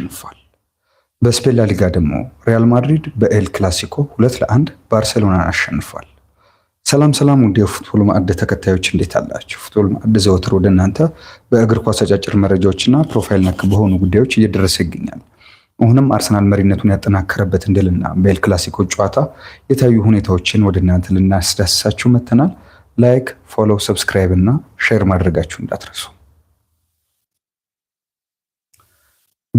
አሸንፏል። በስፔን ላሊጋ ደግሞ ሪያል ማድሪድ በኤል ክላሲኮ ሁለት ለአንድ ባርሴሎናን አሸንፏል። ሰላም ሰላም ውድ የፉትቦል ማዕድ ተከታዮች እንዴት አላችሁ? ፉትቦል ማዕድ ዘወትር ወደ እናንተ በእግር ኳስ አጫጭር መረጃዎችና ፕሮፋይል ነክ በሆኑ ጉዳዮች እየደረሰ ይገኛል። አሁንም አርሰናል መሪነቱን ያጠናከረበትን ድልና በኤል ክላሲኮ ጨዋታ የታዩ ሁኔታዎችን ወደ እናንተ ልናስዳስሳችሁ መተናል። ላይክ፣ ፎሎው፣ ሰብስክራይብ እና ሼር ማድረጋችሁ እንዳትረሱ።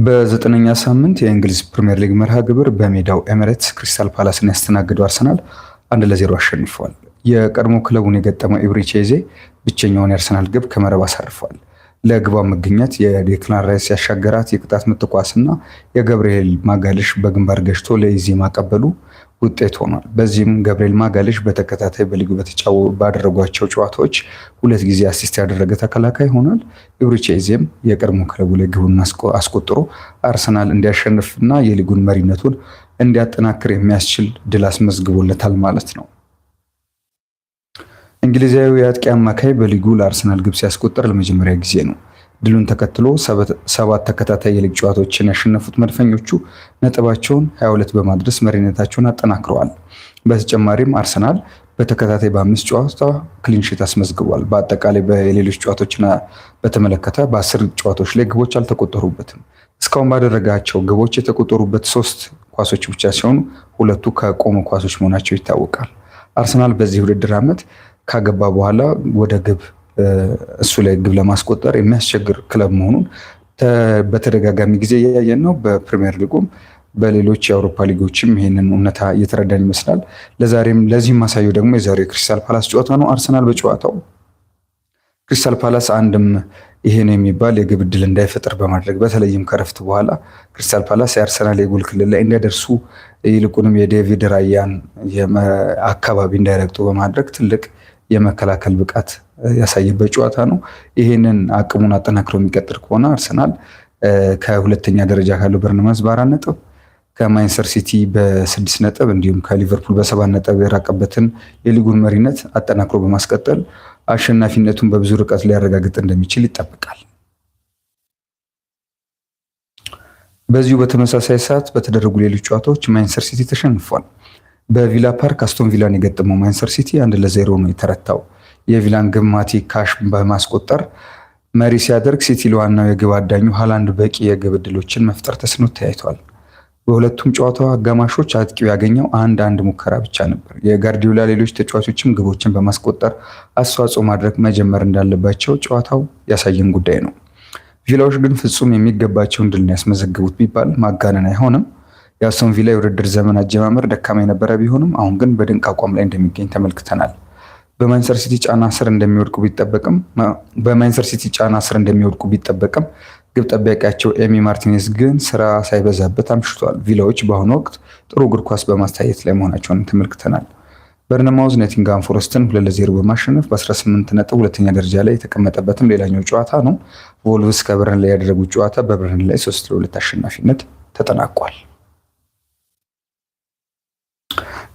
በዘጠነኛ ሳምንት የእንግሊዝ ፕሪምየር ሊግ መርሃ ግብር በሜዳው ኤሚሬትስ ክሪስታል ፓላስን ያስተናግደው አርሰናል አንድ ለዜሮ አሸንፏል። የቀድሞ ክለቡን የገጠመው ኢብሪቼዜ ብቸኛውን የአርሰናል ግብ ከመረብ አሳርፏል። ለግባ መገኘት የዴክላን ራይስ ያሻገራት የቅጣት ምትኳስና የገብርኤል ማጋለሽ በግንባር ገጭቶ ለኢዜማ ማቀበሉ ውጤት ሆኗል። በዚህም ገብርኤል ማጋለሽ በተከታታይ በሊጉ ባደረጓቸው ጨዋታዎች ሁለት ጊዜ አሲስት ያደረገ ተከላካይ ሆኗል። ኢብሪቼዜም የቀድሞ ክለቡ ላይ ግቡን አስቆጥሮ አርሰናል እንዲያሸንፍና የሊጉን መሪነቱን እንዲያጠናክር የሚያስችል ድል አስመዝግቦለታል ማለት ነው። እንግሊዛዊ የአጥቂ አማካይ በሊጉ ለአርሰናል ግብ ሲያስቆጥር ለመጀመሪያ ጊዜ ነው። ድሉን ተከትሎ ሰባት ተከታታይ የሊግ ጨዋታዎችን ያሸነፉት መድፈኞቹ ነጥባቸውን 22 በማድረስ መሪነታቸውን አጠናክረዋል። በተጨማሪም አርሰናል በተከታታይ በአምስት ጨዋታ ክሊንሽት አስመዝግቧል። በአጠቃላይ በሌሎች ጨዋታዎችን በተመለከተ በአስር ጨዋታዎች ላይ ግቦች አልተቆጠሩበትም። እስካሁን ባደረጋቸው ግቦች የተቆጠሩበት ሶስት ኳሶች ብቻ ሲሆኑ ሁለቱ ከቆሙ ኳሶች መሆናቸው ይታወቃል። አርሰናል በዚህ ውድድር ዓመት ካገባ በኋላ ወደ ግብ እሱ ላይ ግብ ለማስቆጠር የሚያስቸግር ክለብ መሆኑን በተደጋጋሚ ጊዜ እያየን ነው። በፕሪሚየር ሊጉም በሌሎች የአውሮፓ ሊጎችም ይህንን እውነታ እየተረዳን ይመስላል። ለዛሬም ለዚህ ማሳየው ደግሞ የዛሬው ክሪስታል ፓላስ ጨዋታ ነው። አርሰናል በጨዋታው ክሪስታል ፓላስ አንድም ይሄን የሚባል የግብ ድል እንዳይፈጥር በማድረግ በተለይም ከረፍት በኋላ ክሪስታል ፓላስ የአርሰናል የጎል ክልል ላይ እንዳይደርሱ ይልቁንም የዴቪድ ራያን አካባቢ እንዳይረግጡ በማድረግ ትልቅ የመከላከል ብቃት ያሳየበት ጨዋታ ነው። ይሄንን አቅሙን አጠናክሮ የሚቀጥል ከሆነ አርሰናል ከሁለተኛ ደረጃ ካለው በርንመዝ በአራት ነጥብ ከማንቸስተር ሲቲ በስድስት ነጥብ እንዲሁም ከሊቨርፑል በሰባት ነጥብ የራቀበትን የሊጉን መሪነት አጠናክሮ በማስቀጠል አሸናፊነቱን በብዙ ርቀት ሊያረጋግጥ እንደሚችል ይጠበቃል። በዚሁ በተመሳሳይ ሰዓት በተደረጉ ሌሎች ጨዋታዎች ማንቸስተር ሲቲ ተሸንፏል። በቪላ ፓርክ አስቶን ቪላን የገጠመው ማንቸስተር ሲቲ አንድ ለዜሮ ነው የተረታው። የቪላን ግብ ማቲ ካሽ በማስቆጠር መሪ ሲያደርግ ሲቲ ለዋናው የግብ አዳኙ ሃላንድ በቂ የግብ እድሎችን መፍጠር ተስኖት ተያይቷል። በሁለቱም ጨዋታ አጋማሾች አጥቂው ያገኘው አንድ አንድ ሙከራ ብቻ ነበር። የጋርዲዮላ ሌሎች ተጫዋቾችም ግቦችን በማስቆጠር አስተዋጽኦ ማድረግ መጀመር እንዳለባቸው ጨዋታው ያሳየን ጉዳይ ነው። ቪላዎች ግን ፍጹም የሚገባቸውን ድል ያስመዘግቡት ቢባል ማጋነን አይሆንም። የአስቶን ቪላ የውድድር ዘመን አጀማመር ደካማ የነበረ ቢሆንም አሁን ግን በድንቅ አቋም ላይ እንደሚገኝ ተመልክተናል። በማንቸስተር ሲቲ ጫና ስር እንደሚወድቁ ቢጠበቅም በማንቸስተር ሲቲ ጫና ስር እንደሚወድቁ ቢጠበቅም ግብ ጠባቂያቸው ኤሚ ማርቲኔዝ ግን ስራ ሳይበዛበት አምሽቷል። ቪላዎች በአሁኑ ወቅት ጥሩ እግር ኳስ በማስታየት ላይ መሆናቸውን ተመልክተናል። በርነማውዝ ኖቲንግሃም ፎረስትን ሁለት ለዜሮ በማሸነፍ በ18 ነጥብ ሁለተኛ ደረጃ ላይ የተቀመጠበትም ሌላኛው ጨዋታ ነው። ቮልቭስ ከበርን ላይ ያደረጉት ጨዋታ በበርን ላይ ሶስት ለሁለት አሸናፊነት ተጠናቋል።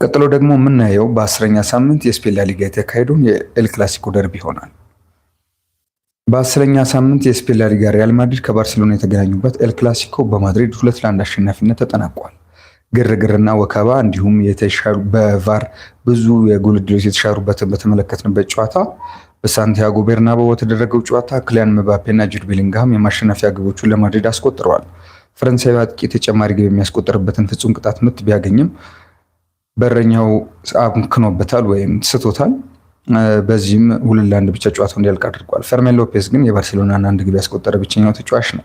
ቀጥሎ ደግሞ የምናየው በአስረኛ ሳምንት የስፔን ላሊጋ የተካሄደውን የኤል ክላሲኮ ደርቢ ይሆናል። በአስረኛ ሳምንት የስፔን ላሊጋ ሪያል ማድሪድ ከባርሴሎና የተገናኙበት ኤል ክላሲኮ በማድሪድ ሁለት ለአንድ አሸናፊነት ተጠናቋል። ግርግርና ወከባ እንዲሁም በቫር ብዙ የጎል ዕድሎች የተሻሩበትን በተመለከትንበት ጨዋታ በሳንቲያጎ ቤርናቦ በተደረገው ጨዋታ ክሊያን መባፔና ጁድ ቤሊንግሃም የማሸነፊያ ግቦቹን ለማድሪድ አስቆጥረዋል። ፈረንሳዊ አጥቂ ተጨማሪ ግብ የሚያስቆጥርበትን ፍጹም ቅጣት ምት ቢያገኝም በረኛው አክኖበታል ወይም ስቶታል። በዚህም ሁለት ለአንድ ብቻ ጨዋታው እንዲያልቅ አድርጓል። ፈርሜን ሎፔዝ ግን የባርሴሎናን አንድ ግብ ያስቆጠረ ብቸኛው ተጫዋች ነው።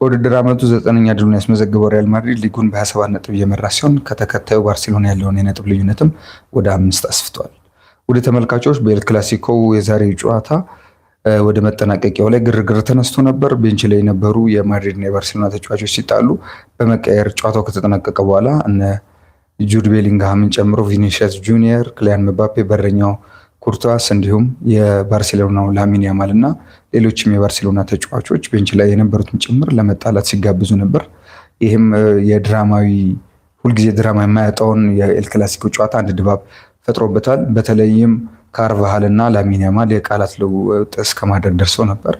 በውድድር ዓመቱ ዘጠነኛ ድሉን ያስመዘገበው ሪያል ማድሪድ ሊጉን በ27 ነጥብ እየመራ ሲሆን ከተከታዩ ባርሴሎና ያለውን የነጥብ ልዩነትም ወደ አምስት አስፍቷል። ወደ ተመልካቾች በኤል ክላሲኮ የዛሬ ጨዋታ ወደ መጠናቀቂያው ላይ ግርግር ተነስቶ ነበር። ቤንች ላይ የነበሩ የማድሪድና የባርሴሎና ተጫዋቾች ሲጣሉ በመቀየር ጨዋታው ከተጠናቀቀ በኋላ እነ ጁድ ቤሊንግሃምን ጨምሮ ቪኒሽስ ጁኒየር፣ ክሊያን መባፔ፣ በረኛው ኩርቷስ እንዲሁም የባርሴሎናው ላሚን ያማል እና ሌሎችም የባርሴሎና ተጫዋቾች ቤንች ላይ የነበሩትን ጭምር ለመጣላት ሲጋብዙ ነበር። ይህም የድራማዊ ሁልጊዜ ድራማ የማያጣውን የኤል ክላሲኮ ጨዋታ አንድ ድባብ ፈጥሮበታል። በተለይም ካርቫሃል እና ላሚን ያማል የቃላት ልውውጥ እስከ ማድረግ ደርሶ ነበር።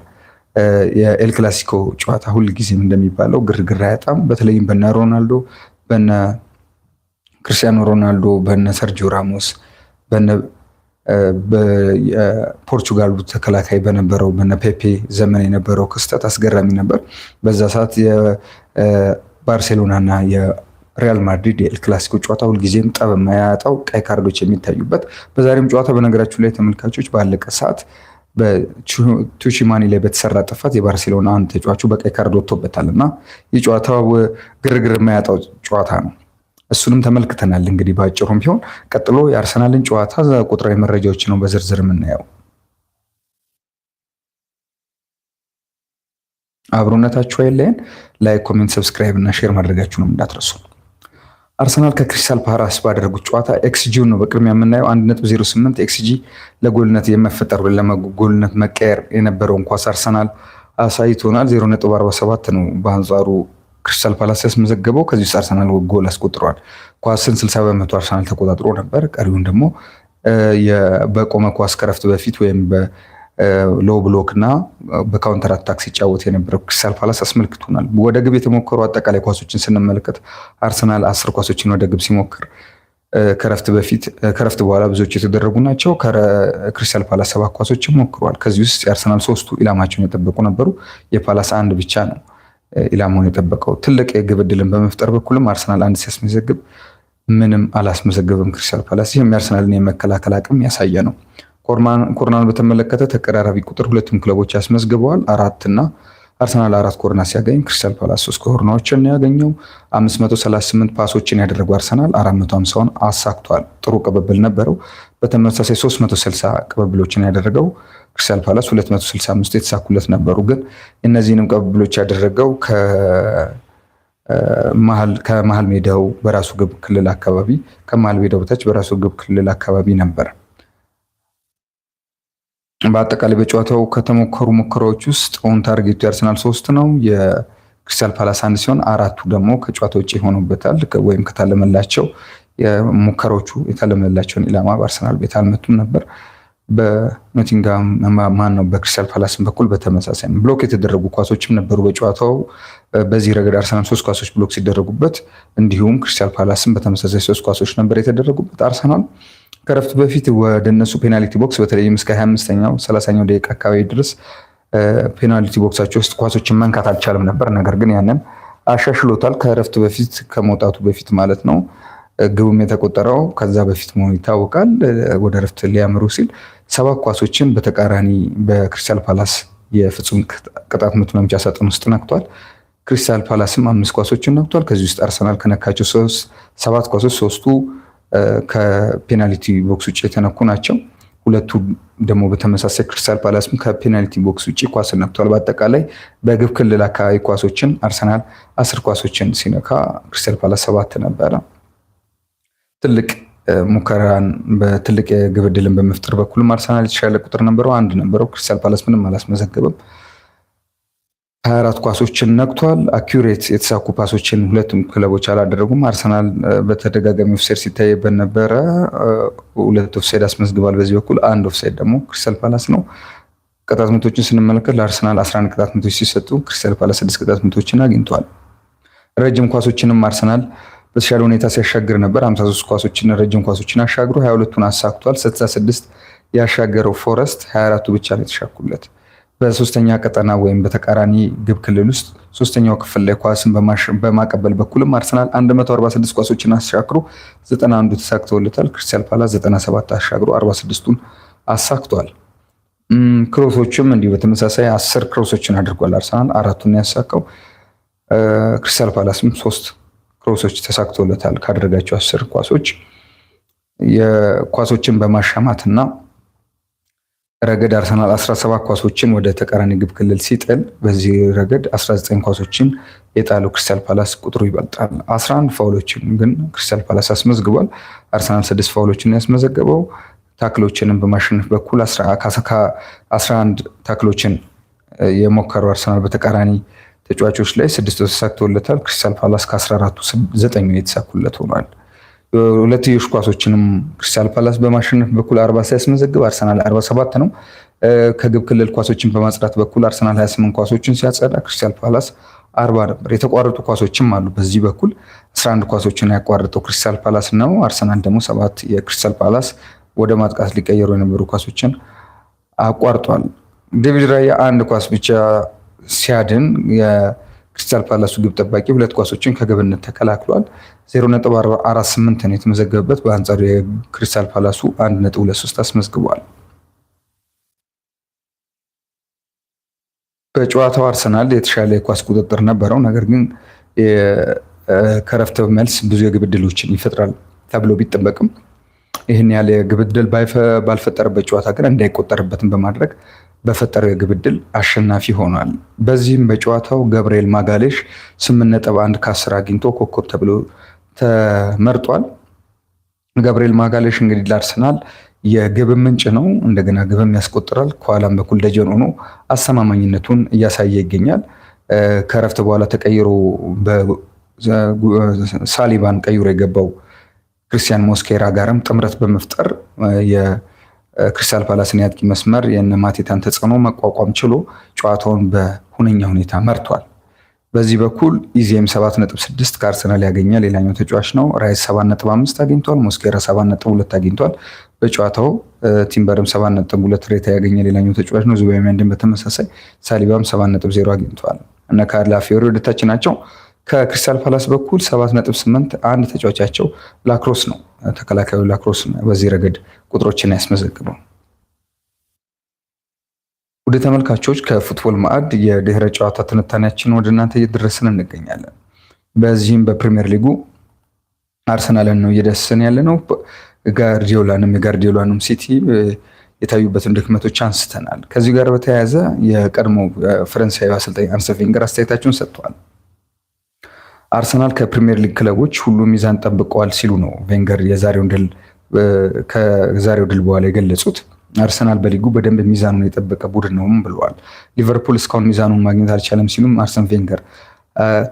የኤል ክላሲኮ ጨዋታ ሁልጊዜም እንደሚባለው ግርግር አያጣም። በተለይም በነ ሮናልዶ በነ ክርስቲያኖ ሮናልዶ በነ ሰርጂዮ ራሞስ በፖርቹጋሉ ተከላካይ በነበረው በነ ፔፔ ዘመን የነበረው ክስተት አስገራሚ ነበር። በዛ ሰዓት የባርሴሎናና የሪያል ማድሪድ የኤል ክላሲኮ ጨዋታ ሁልጊዜም ጠብ የማያጣው ቀይ ካርዶች የሚታዩበት በዛሬም ጨዋታ በነገራችሁ ላይ ተመልካቾች ባለቀ ሰዓት በቱቺማኒ ላይ በተሰራ ጥፋት የባርሴሎና አንድ ተጫዋቹ በቀይ ካርድ ወጥቶበታል እና ይህ ጨዋታ ግርግር የማያጣው ጨዋታ ነው። እሱንም ተመልክተናል። እንግዲህ በአጭሩም ቢሆን ቀጥሎ የአርሰናልን ጨዋታ ቁጥራዊ መረጃዎች ነው በዝርዝር የምናየው። አብሮነታችሁ አይለየን። ላይክ፣ ኮሜንት፣ ሰብስክራይብ እና ሼር ማድረጋችሁንም እንዳትረሱ። አርሰናል ከክሪስታል ፓራስ ባደረጉት ጨዋታ ኤክስጂውን ነው በቅድሚያ የምናየው። ስምንት ኤክስጂ ለጎልነት የመፈጠሩ ለጎልነት መቀየር የነበረውን ኳስ አርሰናል አሳይቶናል። ሰባት ነው በአንጻሩ ክሪስታል ፓላስ ያስመዘገበው ከዚህ ውስጥ አርሰናል ጎል አስቆጥረዋል። ኳስን ስልሳ በመቶ አርሰናል ተቆጣጥሮ ነበር። ቀሪውን ደግሞ በቆመ ኳስ ከረፍት በፊት ወይም ሎ ብሎክ እና በካውንተር አታክ ሲጫወት የነበረው ክሪስታል ፓላስ አስመልክቶናል። ወደ ግብ የተሞከሩ አጠቃላይ ኳሶችን ስንመለከት አርሰናል አስር ኳሶችን ወደ ግብ ሲሞክር ከረፍት በፊት ከረፍት በኋላ ብዙዎች የተደረጉ ናቸው። ክሪስታል ፓላስ ሰባት ኳሶችን ሞክረዋል። ከዚህ ውስጥ የአርሰናል ሶስቱ ኢላማቸውን የጠበቁ ነበሩ። የፓላስ አንድ ብቻ ነው። ኢላማውን የጠበቀው ትልቅ የግብ እድልን በመፍጠር በኩልም አርሰናል አንድ ሲያስመዘግብ ምንም አላስመዘግብም ክሪስታል ፓላስ። ይህም የአርሰናልን የመከላከል አቅም ያሳየ ነው። ኮርናን በተመለከተ ተቀራራቢ ቁጥር ሁለቱም ክለቦች ያስመዝግበዋል አራትና አርሰናል አራት ኮርና ሲያገኝ ክሪስታል ፓላስ ሶስት ኮርናዎችን ነው ያገኘው። 538 ፓሶችን ያደረጉ አርሰናል 450ን አሳክቷል። ጥሩ ቅብብል ነበረው። በተመሳሳይ 360 ቅብብሎችን ያደረገው ክሪስታል ፓላስ 265 የተሳኩለት ነበሩ። ግን እነዚህንም ቅብብሎች ያደረገው ከመሀል ሜዳው በራሱ ግብ ክልል አካባቢ ከመሀል ሜዳው በታች በራሱ ግብ ክልል አካባቢ ነበር። በአጠቃላይ በጨዋታው ከተሞከሩ ሙከራዎች ውስጥ ኦን ታርጌቱ የአርሰናል ሶስት ነው፣ የክሪስታል ፓላስ አንድ ሲሆን አራቱ ደግሞ ከጨዋታ ውጭ የሆኑበታል ወይም ከታለመላቸው ሙከራዎቹ የታለመላቸውን ኢላማ በአርሰናል ቤት አልመቱም ነበር። በኖቲንጋም ማን ነው በክሪስታል ፓላስን በኩል በተመሳሳይ ብሎክ የተደረጉ ኳሶችም ነበሩ በጨዋታው። በዚህ ረገድ አርሰናል ሶስት ኳሶች ብሎክ ሲደረጉበት፣ እንዲሁም ክሪስታል ፓላስን በተመሳሳይ ሶስት ኳሶች ነበር የተደረጉበት አርሰናል ከረፍት በፊት ወደ እነሱ ፔናልቲ ቦክስ በተለይም እስከ 25ኛው 30ኛው ደቂቃ አካባቢ ድረስ ፔናልቲ ቦክሳቸው ውስጥ ኳሶችን መንካት አልቻለም ነበር። ነገር ግን ያንን አሻሽሎታል። ከረፍት በፊት ከመውጣቱ በፊት ማለት ነው። ግቡም የተቆጠረው ከዛ በፊት መሆኑ ይታወቃል። ወደ ረፍት ሊያምሩ ሲል ሰባት ኳሶችን በተቃራኒ በክሪስታል ፓላስ የፍጹም ቅጣት ምት መምቻ ሳጥን ውስጥ ነክቷል። ክሪስታል ፓላስም አምስት ኳሶችን ነክቷል። ከዚህ ውስጥ አርሰናል ከነካቸው ሰባት ኳሶች ሶስቱ ከፔናልቲ ቦክስ ውጭ የተነኩ ናቸው። ሁለቱ ደግሞ በተመሳሳይ ክሪስታል ፓላስም ከፔናልቲ ቦክስ ውጭ ኳስን ነክቷል። በአጠቃላይ በግብ ክልል አካባቢ ኳሶችን አርሰናል አስር ኳሶችን ሲነካ ክሪስታል ፓላስ ሰባት ነበረ። ትልቅ ሙከራን በትልቅ የግብ ድልን በመፍጠር በኩልም አርሰናል የተሻለ ቁጥር ነበረው፣ አንድ ነበረው። ክሪስታል ፓላስ ምንም አላስመዘገበም። 24 ኳሶችን ነቅቷል። አኪሬት የተሳኩ ፓሶችን ሁለቱም ክለቦች አላደረጉም። አርሰናል በተደጋጋሚ ኦፍሳይድ ሲታይበት ነበረ። ሁለት ኦፍሳይድ አስመዝግቧል። በዚህ በኩል አንድ ኦፍሳይድ ደግሞ ክሪስታል ፓላስ ነው። ቅጣት ምቶችን ስንመለከት ለአርሰናል 11 ቅጣት ምቶች ሲሰጡ ክሪስታል ፓላስ 6 ቅጣት ምቶችን አግኝቷል። ረጅም ኳሶችንም አርሰናል በተሻለ ሁኔታ ሲያሻግር ነበር። 53 ኳሶችን ረጅም ኳሶችን አሻግሮ 22ቱን አሳክቷል። 66 ያሻገረው ፎረስት 24ቱ ብቻ ነው የተሻኩለት። በሶስተኛ ቀጠና ወይም በተቃራኒ ግብ ክልል ውስጥ ሶስተኛው ክፍል ላይ ኳስን በማቀበል በኩልም አርሰናል 146 ኳሶችን አሻክሮ 91ዱ ተሳክተውለታል። ክሪስታል ፓላስ 97 አሻግሮ 46ቱን አሳክቷል። ክሮሶችም እንዲሁ በተመሳሳይ አስር ክሮሶችን አድርጓል። አርሰናል አራቱን ያሳካው ክሪስታል ፓላስም ሶስት ክሮሶች ተሳክተውለታል። ካደረጋቸው አስር ኳሶች የኳሶችን በማሻማት እና ረገድ አርሰናል 17 ኳሶችን ወደ ተቃራኒ ግብ ክልል ሲጥል በዚህ ረገድ 19 ኳሶችን የጣሉ ክሪስታል ፓላስ ቁጥሩ ይበልጣል። 11 ፋውሎችን ግን ክሪስታል ፓላስ አስመዝግቧል። አርሰናል 6 ፋውሎችን ያስመዘገበው ታክሎችንም በማሸነፍ በኩል 11 ታክሎችን የሞከረው አርሰናል በተቃራኒ ተጫዋቾች ላይ ስድስቱ ተሳክቶለታል። ክሪስታል ፓላስ ከ14ቱ የተሳኩለት ሆኗል። ሁለትዮሽ ኳሶችንም ክሪስታል ፓላስ በማሸነፍ በኩል አርባ ሲያስመዘግብ አርሰናል አርባ ነው። ከግብ ክልል ኳሶችን በማጽዳት በኩል አርሰናል 28 ኳሶችን ሲያጸዳ ክሪስታል ፓላስ አርባ ነበር። የተቋረጡ ኳሶችም አሉ። በዚህ በኩል 11 ኳሶችን ያቋረጠው ክሪስታል ፓላስ ነው። አርሰናል ደግሞ ሰባት የክሪስታል ፓላስ ወደ ማጥቃት ሊቀየሩ የነበሩ ኳሶችን አቋርጧል። ዴቪድ ራያ አንድ ኳስ ብቻ ሲያድን ክሪስታል ፓላሱ ግብ ጠባቂ ሁለት ኳሶችን ከግብነት ተከላክሏል። 0.48 ነው የተመዘገበበት። በአንጻሩ የክሪስታል ፓላሱ 1.23 አስመዝግቧል። በጨዋታው አርሰናል የተሻለ የኳስ ቁጥጥር ነበረው፣ ነገር ግን ከረፍት መልስ ብዙ የግብ ዕድሎችን ይፈጥራል ተብሎ ቢጠበቅም ይህን ያለ የግብ ዕድል ባልፈጠረበት ጨዋታ ግን እንዳይቆጠርበትን በማድረግ በፈጠረው የግብ ዕድል አሸናፊ ሆኗል። በዚህም በጨዋታው ገብርኤል ማጋሌሽ 8.1 ከ10 አግኝቶ ኮከብ ተብሎ ተመርጧል። ገብርኤል ማጋሌሽ እንግዲህ ላርሰናል የግብ ምንጭ ነው። እንደገና ግብም ያስቆጥራል። ከኋላም በኩል ደጀን ሆኖ አስተማማኝነቱን እያሳየ ይገኛል። ከረፍት በኋላ ተቀይሮ ሳሊባን ቀይሮ የገባው ክርስቲያን ሞስኬራ ጋርም ጥምረት በመፍጠር ክሪስታል ፓላስን ያጥቂ መስመር የነ ማቴታን ተጽዕኖ መቋቋም ችሎ ጨዋታውን በሁነኛ ሁኔታ መርቷል። በዚህ በኩል ኢዜም 7.6 ከአርሰናል ያገኘ ሌላኛው ተጫዋች ነው። ራይስ 7.5 አግኝቷል። ሞስኬራ 7.2 አግኝቷል። በጨዋታው ቲምበርም 7.2 ሬታ ያገኘ ሌላኛው ተጫዋች ነው። ዙቢሜንዲም በተመሳሳይ ሳሊባም 7.0 አግኝቷል። እነ ካላፊዮሪ ወደታች ናቸው። ከክሪስታል ፓላስ በኩል 7.8 አንድ ተጫዋቻቸው ላክሮስ ነው። ተከላካዩ ላክሮስ በዚህ ረገድ ቁጥሮችን ያስመዘግበው። ወደ ተመልካቾች ከፉትቦል ማዕድ የድህረ ጨዋታ ትንታኔያችን ወደ እናንተ እየደረስን እንገኛለን። በዚህም በፕሪሚየር ሊጉ አርሰናልን ነው እየደስን ያለ ነው። ጋርዲዮላንም የጋርዲዮላንም ሲቲ የታዩበትን ድክመቶች አንስተናል። ከዚህ ጋር በተያያዘ የቀድሞ ፈረንሳዊ አሰልጣኝ አርሰን ቬንገር አስተያየታቸውን ሰጥተዋል። አርሰናል ከፕሪሚየር ሊግ ክለቦች ሁሉ ሚዛን ጠብቀዋል ሲሉ ነው ቬንገር የዛሬውን ድል ከዛሬው ድል በኋላ የገለጹት። አርሰናል በሊጉ በደንብ ሚዛኑን የጠበቀ ቡድን ነውም ብለዋል። ሊቨርፑል እስካሁን ሚዛኑን ማግኘት አልቻለም ሲሉም አርሰን ቬንገር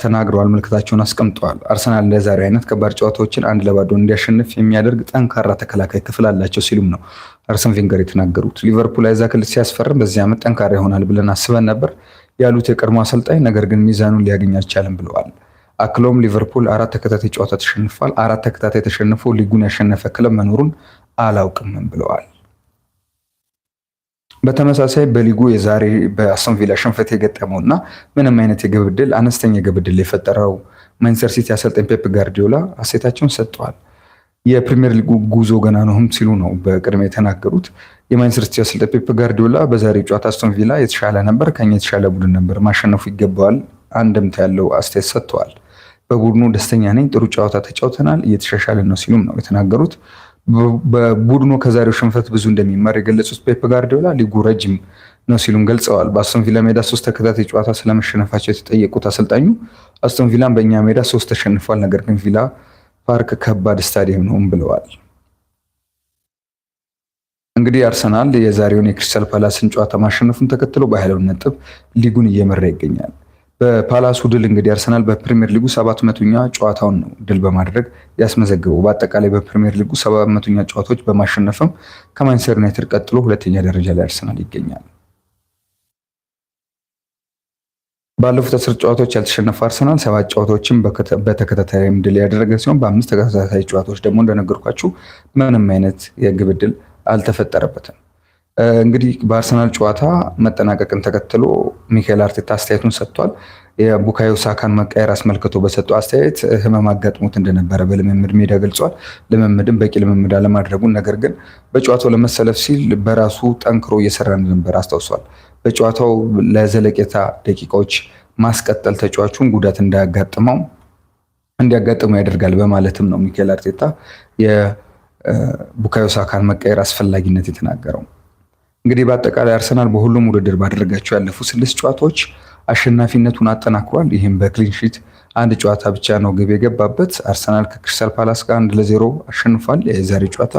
ተናግረዋል። ምልክታቸውን አስቀምጠዋል። አርሰናል ለዛሬ አይነት ከባድ ጨዋታዎችን አንድ ለባዶ እንዲያሸንፍ የሚያደርግ ጠንካራ ተከላካይ ክፍል አላቸው ሲሉም ነው አርሰን ቬንገር የተናገሩት። ሊቨርፑል አይዛክል ሲያስፈርም በዚህ ዓመት ጠንካራ ይሆናል ብለን አስበን ነበር ያሉት የቀድሞ አሰልጣኝ ነገር ግን ሚዛኑን ሊያገኝ አልቻለም ብለዋል። አክሎም ሊቨርፑል አራት ተከታታይ ጨዋታ ተሸንፏል። አራት ተከታታይ ተሸንፎ ሊጉን ያሸነፈ ክለብ መኖሩን አላውቅምም ብለዋል። በተመሳሳይ በሊጉ የዛሬ በአስቶን ቪላ ሽንፈት የገጠመው እና ምንም አይነት የግብ ዕድል አነስተኛ የግብ ዕድል የፈጠረው ማንቸስተር ሲቲ አሰልጣኝ ፔፕ ጋርዲዮላ አሴታቸውን ሰጥተዋል። የፕሪሚየር ሊጉ ጉዞ ገና ነውም ሲሉ ነው በቅድሚያ የተናገሩት። የማንቸስተር ሲቲ አሰልጣኝ ፔፕ ጋርዲዮላ በዛሬ ጨዋታ አስቶን ቪላ የተሻለ ነበር፣ ከኛ የተሻለ ቡድን ነበር፣ ማሸነፉ ይገባዋል አንድምታ ያለው አስተያየት ሰጥተዋል። በቡድኑ ደስተኛ ነኝ፣ ጥሩ ጨዋታ ተጫውተናል፣ እየተሻሻልን ነው ሲሉም ነው የተናገሩት። በቡድኑ ከዛሬው ሽንፈት ብዙ እንደሚማር የገለጹት ፔፕ ጋርዲዮላ ሊጉ ረጅም ነው ሲሉም ገልጸዋል። በአስቶን ቪላ ሜዳ ሶስት ተከታታይ ጨዋታ ስለመሸነፋቸው የተጠየቁት አሰልጣኙ አስቶን ቪላን በእኛ ሜዳ ሶስት ተሸንፏል፣ ነገር ግን ቪላ ፓርክ ከባድ ስታዲየም ነውም ብለዋል። እንግዲህ አርሰናል የዛሬውን የክሪስታል ፓላስን ጨዋታ ማሸነፉን ተከትሎ በ22 ነጥብ ሊጉን እየመራ ይገኛል። በፓላሱ ድል እንግዲህ አርሰናል በፕሪሚየር ሊጉ ሰባት መቶኛ ጨዋታውን ነው ድል በማድረግ ያስመዘግበው። በአጠቃላይ በፕሪሚየር ሊጉ ሰባት መቶኛ ጨዋታዎች በማሸነፍም ከማንቸስተር ዩናይትድ ቀጥሎ ሁለተኛ ደረጃ ላይ አርሰናል ይገኛል። ባለፉት አስር ጨዋታዎች ያልተሸነፈ አርሰናል ሰባት ጨዋታዎችን በተከታታይም ድል ያደረገ ሲሆን በአምስት ተከታታይ ጨዋታዎች ደግሞ እንደነገርኳችሁ ምንም አይነት የግብ ድል አልተፈጠረበትም። እንግዲህ በአርሰናል ጨዋታ መጠናቀቅን ተከትሎ ሚካኤል አርቴታ አስተያየቱን ሰጥቷል። የቡካዮ ሳካን መቀየር አስመልክቶ በሰጠው አስተያየት ህመም አጋጥሞት እንደነበረ በልምምድ ሜዳ ገልጿል። ልምምድም በቂ ልምምድ አለማድረጉን፣ ነገር ግን በጨዋታው ለመሰለፍ ሲል በራሱ ጠንክሮ እየሰራ እንደነበር አስታውሷል። በጨዋታው ለዘለቄታ ደቂቃዎች ማስቀጠል ተጫዋቹን ጉዳት እንዳያጋጥመው እንዲያጋጥመው ያደርጋል በማለትም ነው ሚካኤል አርቴታ የቡካዮ ሳካን መቀየር አስፈላጊነት የተናገረው። እንግዲህ በአጠቃላይ አርሰናል በሁሉም ውድድር ባደረጋቸው ያለፉ ስድስት ጨዋታዎች አሸናፊነቱን አጠናክሯል። ይህም በክሊንሺት አንድ ጨዋታ ብቻ ነው ግብ የገባበት። አርሰናል ከክሪስታል ፓላስ ጋር አንድ ለዜሮ አሸንፏል። የዛሬ ጨዋታ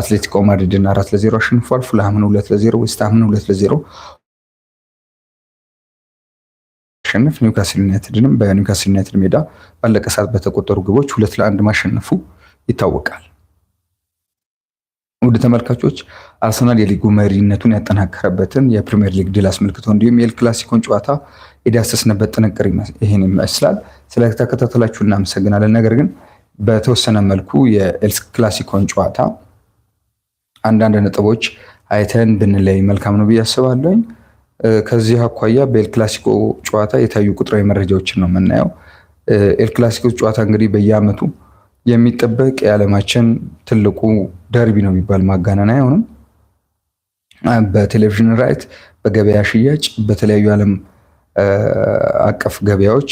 አትሌቲኮ ማድሪድን አራት ለዜሮ አሸንፏል። ፉልሃምን ሁለት ለዜሮ፣ ዌስትሃምን ሁለት ለዜሮ ማሸነፍ ኒውካስል ዩናይትድንም በኒውካስል ዩናይትድ ሜዳ ባለቀ ሰዓት በተቆጠሩ ግቦች ሁለት ለአንድ ማሸነፉ ይታወቃል። ውድ ተመልካቾች አርሰናል የሊጉ መሪነቱን ያጠናከረበትን የፕሪምየር ሊግ ድል አስመልክቶ እንዲሁም የኤል ክላሲኮን ጨዋታ የዳሰስንበት ጥንቅር ይህን ይመስላል። ስለተከታተላችሁ እናመሰግናለን። ነገር ግን በተወሰነ መልኩ የኤል ክላሲኮን ጨዋታ አንዳንድ ነጥቦች አይተን ብንለይ መልካም ነው ብዬ አስባለሁኝ። ከዚህ አኳያ በኤል ክላሲኮ ጨዋታ የታዩ ቁጥራዊ መረጃዎችን ነው የምናየው። ኤል ክላሲኮ ጨዋታ እንግዲህ በየአመቱ የሚጠበቅ የዓለማችን ትልቁ ደርቢ ነው የሚባል ማጋነን አይሆንም። በቴሌቪዥን ራይት፣ በገበያ ሽያጭ፣ በተለያዩ ዓለም አቀፍ ገበያዎች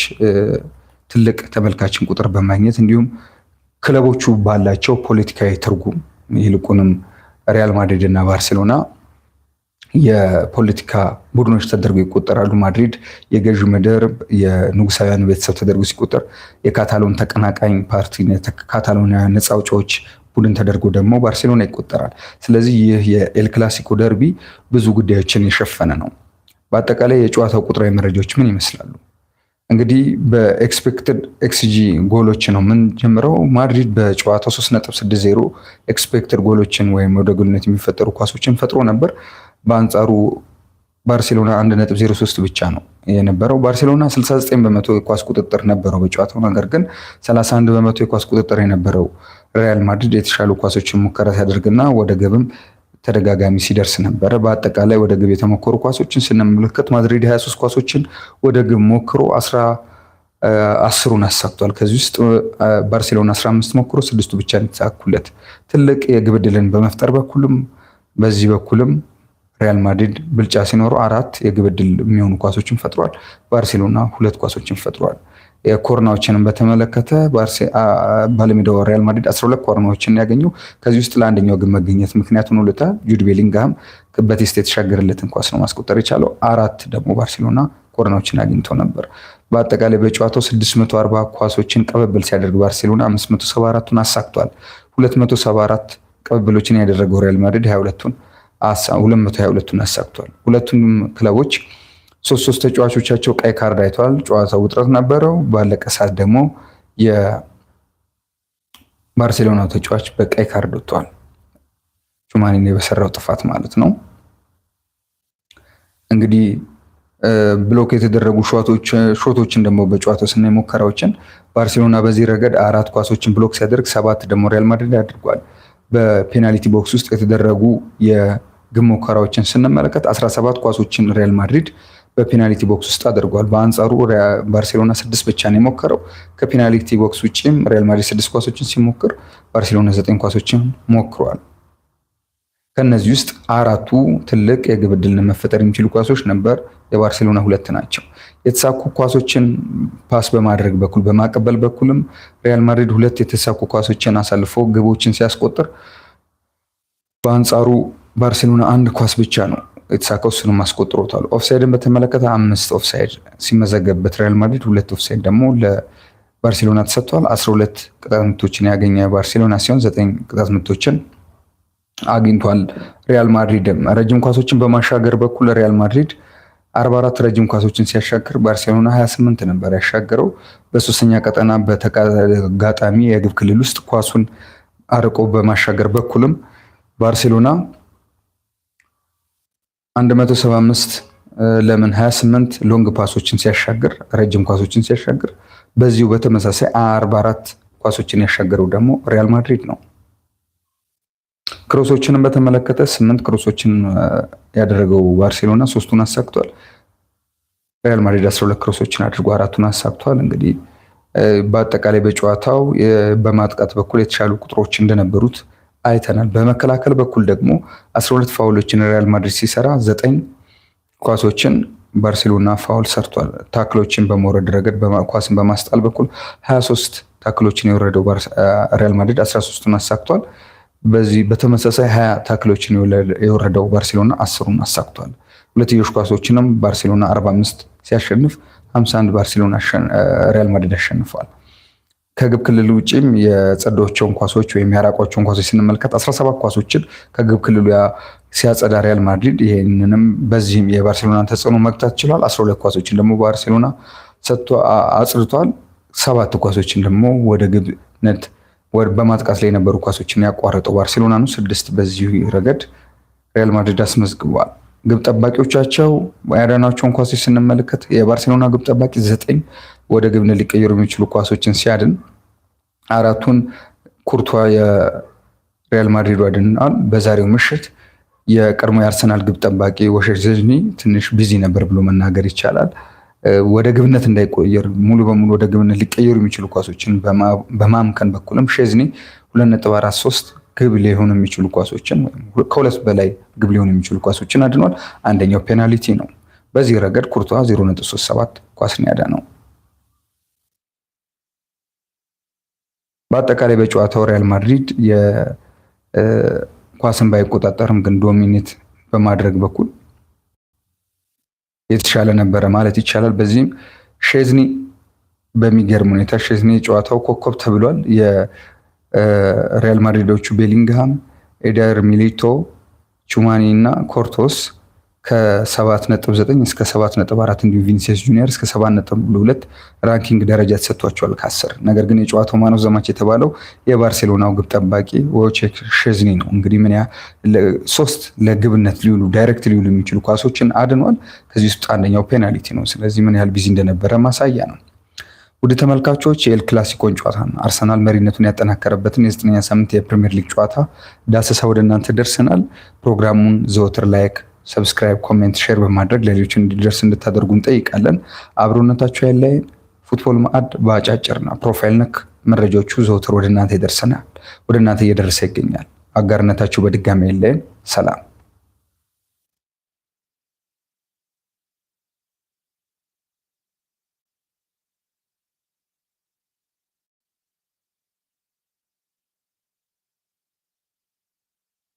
ትልቅ ተመልካችን ቁጥር በማግኘት እንዲሁም ክለቦቹ ባላቸው ፖለቲካዊ ትርጉም ይልቁንም ሪያል ማድሪድ እና ባርሴሎና የፖለቲካ ቡድኖች ተደርጎ ይቆጠራሉ። ማድሪድ የገዢ ምድር የንጉሳውያን ቤተሰብ ተደርጎ ሲቆጠር የካታሎን ተቀናቃኝ ፓርቲ ካታሎኒያ ነፃ አውጪዎች ቡድን ተደርጎ ደግሞ ባርሴሎና ይቆጠራል። ስለዚህ ይህ የኤል ክላሲኮ ደርቢ ብዙ ጉዳዮችን የሸፈነ ነው። በአጠቃላይ የጨዋታው ቁጥራዊ መረጃዎች ምን ይመስላሉ? እንግዲህ በኤክስፔክትድ ኤክስጂ ጎሎች ነው ጀምረው ማድሪድ በጨዋታው 3.60 ኤክስፔክትድ ጎሎችን ወይም ወደ ጎልነት የሚፈጠሩ ኳሶችን ፈጥሮ ነበር። በአንጻሩ ባርሴሎና 1.03 ብቻ ነው የነበረው። ባርሴሎና 69 በመቶ የኳስ ቁጥጥር ነበረው በጨዋታው ነገር ግን 31 በመቶ የኳስ ቁጥጥር የነበረው ሪያል ማድሪድ የተሻሉ ኳሶችን ሙከራ ሲያደርግና ወደ ግብም ተደጋጋሚ ሲደርስ ነበረ። በአጠቃላይ ወደ ግብ የተሞከሩ ኳሶችን ስንመለከት ማድሪድ 23 ኳሶችን ወደ ግብ ሞክሮ አስሩን አሳክቷል። ከዚህ ውስጥ ባርሴሎና 15 ሞክሮ ስድስቱ ብቻ የተሳኩለት ትልቅ የግብ ድልን በመፍጠር በኩልም በዚህ በኩልም ሪያል ማድሪድ ብልጫ ሲኖረው አራት የግብ ዕድል የሚሆኑ ኳሶችን ፈጥሯል። ባርሴሎና ሁለት ኳሶችን ፈጥሯል። የኮርናዎችንም በተመለከተ ባለሜዳው ሪያል ማድሪድ 12 ኮርናዎችን ያገኘው ከዚህ ውስጥ ለአንደኛው ግብ መገኘት ምክንያት ሆኖለታ ጁድ ቤሊንግሃም በቴስት የተሻገረለትን ኳስ ነው ማስቆጠር የቻለው። አራት ደግሞ ባርሴሎና ኮርናዎችን አግኝቶ ነበር። በአጠቃላይ በጨዋታው 640 ኳሶችን ቀበብል ሲያደርግ ባርሴሎና 574ቱን አሳክቷል። 274 ቀበብሎችን ያደረገው ሪያል ማድሪድ 22ቱን 222ቱን አሳክቷል። ሁለቱንም ክለቦች ሶስት ሶስት ተጫዋቾቻቸው ቀይ ካርድ አይተዋል። ጨዋታው ውጥረት ነበረው። ባለቀ ሰዓት ደግሞ የባርሴሎና ተጫዋች በቀይ ካርድ ወጥቷል። ቹማኒኔ በሰራው ጥፋት ማለት ነው። እንግዲህ ብሎክ የተደረጉ ሾቶችን ደግሞ በጨዋታው ስናይ ሙከራዎችን ባርሴሎና በዚህ ረገድ አራት ኳሶችን ብሎክ ሲያደርግ ሰባት ደግሞ ሪያል ማድሪድ አድርጓል። በፔናልቲ ቦክስ ውስጥ የተደረጉ ግን ሙከራዎችን ስንመለከት 17 ኳሶችን ሪያል ማድሪድ በፔናልቲ ቦክስ ውስጥ አድርጓል። በአንጻሩ ባርሴሎና ስድስት ብቻ ነው የሞከረው። ከፔናልቲ ቦክስ ውጭም ሪያል ማድሪድ ስድስት ኳሶችን ሲሞክር ባርሴሎና ዘጠኝ ኳሶችን ሞክሯል። ከእነዚህ ውስጥ አራቱ ትልቅ የግብ ዕድልን መፈጠር የሚችሉ ኳሶች ነበር። የባርሴሎና ሁለት ናቸው። የተሳኩ ኳሶችን ፓስ በማድረግ በኩል በማቀበል በኩልም ሪያል ማድሪድ ሁለት የተሳኩ ኳሶችን አሳልፎ ግቦችን ሲያስቆጥር በአንጻሩ ባርሴሎና አንድ ኳስ ብቻ ነው የተሳካው፣ እሱንም አስቆጥሮታል። ኦፍሳይድን በተመለከተ አምስት ኦፍሳይድ ሲመዘገብበት ሪያል ማድሪድ ሁለት ኦፍሳይድ ደግሞ ለባርሴሎና ተሰጥቷል። 12 ቅጣት ምቶችን ያገኘ ባርሴሎና ሲሆን ዘጠኝ ቅጣት ምቶችን አግኝቷል ሪያል ማድሪድም። ረጅም ኳሶችን በማሻገር በኩል ሪያል ማድሪድ አራት ረጅም ኳሶችን ሲያሻግር ባርሴሎና 28 ነበር ያሻገረው። በሶስተኛ ቀጠና በተጋጣሚ የግብ ክልል ውስጥ ኳሱን አርቆ በማሻገር በኩልም ባርሴሎና 175 ለምን 28 ሎንግ ኳሶችን ሲያሻግር ረጅም ኳሶችን ሲያሻግር በዚሁ በተመሳሳይ 44 ኳሶችን ያሻገረው ደግሞ ሪያል ማድሪድ ነው። ክሮሶችንም በተመለከተ ስምንት ክሮሶችን ያደረገው ባርሴሎና ሶስቱን አሳክቷል። ሪያል ማድሪድ 12 ክሮሶችን አድርጎ አራቱን አሳክቷል። እንግዲህ በአጠቃላይ በጨዋታው በማጥቃት በኩል የተሻሉ ቁጥሮች እንደነበሩት አይተናል። በመከላከል በኩል ደግሞ 12 ፋውሎችን ሪያል ማድሪድ ሲሰራ ዘጠኝ ኳሶችን ባርሴሎና ፋውል ሰርቷል። ታክሎችን በመውረድ ረገድ ኳስን በማስጣል በኩል 23 ታክሎችን የወረደው ሪያል ማድሪድ 13ቱን አሳክቷል። በዚህ በተመሳሳይ 20 ታክሎችን የወረደው ባርሴሎና አስሩን አሳክቷል። ሁለትዮሽ ኳሶችንም ባርሴሎና 45 ሲያሸንፍ 51 ባርሴሎና ሪያል ማድሪድ አሸንፏል። ከግብ ክልል ውጪም የጸዳቸውን ኳሶች ወይም ያራቋቸውን ኳሶች ስንመለከት 17 ኳሶችን ከግብ ክልሉ ሲያጸዳ ሪያል ማድሪድ ይህንንም በዚህም የባርሴሎናን ተጽዕኖ መግታት ችሏል። 12 ኳሶችን ደግሞ ባርሴሎና ሰጥቶ አጽድቷል። ሰባት ኳሶችን ደግሞ ወደ ግብነት በማጥቃት ላይ የነበሩ ኳሶችን ያቋረጠው ባርሴሎና ነው። ስድስት በዚሁ ረገድ ሪያል ማድሪድ አስመዝግቧል። ግብ ጠባቂዎቻቸው ያዳናቸውን ኳሶች ስንመለከት የባርሴሎና ግብ ጠባቂ ዘጠኝ ወደ ግብነት ሊቀየሩ የሚችሉ ኳሶችን ሲያድን አራቱን ኩርቷ የሪያል ማድሪድ አድኗል። በዛሬው ምሽት የቀድሞ የአርሰናል ግብ ጠባቂ ወሸሽ ዘጅኒ ትንሽ ቢዚ ነበር ብሎ መናገር ይቻላል። ወደ ግብነት እንዳይቆየር ሙሉ በሙሉ ወደ ግብነት ሊቀየሩ የሚችሉ ኳሶችን በማምከን በኩልም ሼዝኒ ሁለት ነጥብ አራት ሶስት ግብ ሊሆኑ የሚችሉ ኳሶችን ከሁለት በላይ ግብ ሊሆኑ የሚችሉ ኳሶችን አድኗል። አንደኛው ፔናልቲ ነው። በዚህ ረገድ ኩርቷ ዜሮ ነጥብ ሶስት ሰባት ኳስን ያዳ ነው። በአጠቃላይ በጨዋታው ሪያል ማድሪድ የኳስን ባይቆጣጠርም ግን ዶሚኔት በማድረግ በኩል የተሻለ ነበረ ማለት ይቻላል። በዚህም ሼዝኒ በሚገርም ሁኔታ ሼዝኒ ጨዋታው ኮከብ ተብሏል። የሪያል ማድሪዶቹ ቤሊንግሃም፣ ኤደር ሚሊቶ፣ ቹማኒ እና ኮርቶስ ከ7.9 እስከ 7.4 እንዲሁም ቪኒሲየስ ጁኒየር እስከ 7.2 ራንኪንግ ደረጃ ተሰጥቷቸዋል ከአስር ነገር ግን የጨዋታው ማነው ዘማች የተባለው የባርሴሎናው ግብ ጠባቂ ወቼክ ሼዝኒ ነው። እንግዲህ ምን ሶስት ለግብነት ሊውሉ ዳይሬክት ሊውሉ የሚችሉ ኳሶችን አድኗል። ከዚህ ውስጥ አንደኛው ፔናሊቲ ነው። ስለዚህ ምን ያህል ቢዚ እንደነበረ ማሳያ ነው። ውድ ተመልካቾች የኤል ክላሲኮን ጨዋታ አርሰናል መሪነቱን ያጠናከረበትን የዘጠነኛ ሳምንት የፕሪሚየር ሊግ ጨዋታ ዳሰሳ ወደ እናንተ ደርሰናል። ፕሮግራሙን ዘወትር ላይክ ሰብስክራይብ፣ ኮሜንት፣ ሼር በማድረግ ለሌሎች እንዲደርስ እንድታደርጉ እንጠይቃለን። አብሮነታችሁ ያለይን ፉትቦል ማዕድ በአጫጭርና ፕሮፋይል ነክ መረጃዎቹ ዘውትር ወደ እናንተ ይደርሰናል፣ ወደ እናንተ እየደረሰ ይገኛል። አጋርነታችሁ በድጋሚ የለይን። ሰላም